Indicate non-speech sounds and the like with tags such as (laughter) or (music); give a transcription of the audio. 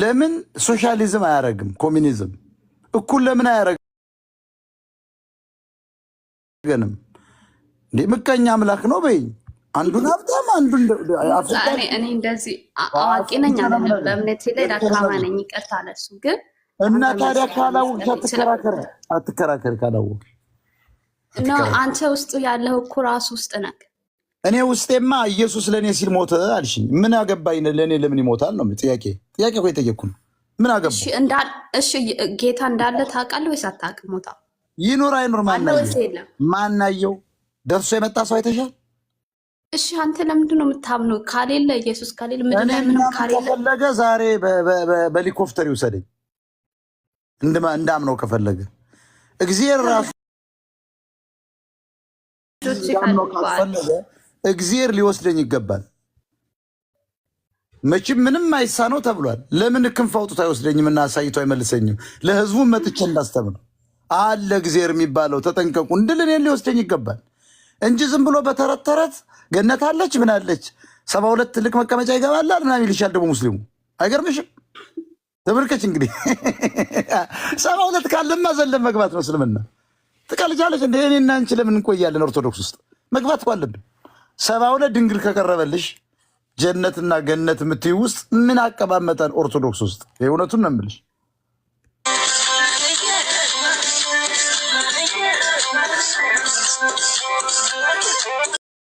ለምን ሶሻሊዝም አያረግም? ኮሚኒዝም እኩል ለምን አያረግንም? እንዴ ምቀኛ አምላክ ነው በይ። አንዱን ሀብታም አንዱን እኔ እንደዚህ አዋቂ ነኝ አለም በእምነቴ ላይ ዳካማ ነኝ። ይቅርታ አለሱ። ግን እና ታዲያ ካላወቅሽ አትከራከር አትከራከር ካላወቅሽ አንተ ውስጡ ያለው እኮ ራሱ ውስጥ ነህ እኔ ውስጤማ ኢየሱስ ለእኔ ሲል ሞተ አልሽኝ። ምን አገባኝ? ለእኔ ለምን ይሞታል ነው ጥያቄ። ጥያቄ እኮ የጠየቅኩ ነው። ምን አገባ? እሺ ጌታ እንዳለ ታውቃለህ ወይስ አታውቅም? ሞታ ይኑር አይኑር ማናየው፣ ደርሶ የመጣ ሰው አይተሻል? እሺ አንተ ለምንድን ነው የምታምነው? ካሌለ ኢየሱስ ካሌለ ከፈለገ ዛሬ በሄሊኮፕተር ይውሰደኝ እንዳምነው ከፈለገ እግዚአብሔር ራሱ ካስፈለገ እግዚአብሔር ሊወስደኝ ይገባል። መቼም ምንም አይሳነው ተብሏል። ለምን ክንፍ አውጥቶ አይወስደኝም እና አሳይቶ አይመልሰኝም? ለህዝቡ መጥቼ እንዳስተምር አለ እግዚአብሔር የሚባለው ተጠንቀቁ እንድል እኔን ሊወስደኝ ይገባል እንጂ ዝም ብሎ በተረት ተረት ገነት አለች ምን አለች ሰባ ሁለት ትልቅ መቀመጫ ይገባላል ምናምን ይልሻል ደግሞ ሙስሊሙ። አይገርምሽም? ተመልከች እንግዲህ (laughs) ሰባ ሁለት ካለማ ዘለን መግባት ነው እስልምና ትቀልጃለች። እንደ እኔና አንቺ ለምን እንቆያለን? ኦርቶዶክስ ውስጥ መግባት እኮ አለብን። ሰባ ሁለት ድንግል ከቀረበልሽ ጀነትና ገነት የምትይ ውስጥ ምን አቀማመጠን? ኦርቶዶክስ ውስጥ የእውነቱን ነው የምልሽ።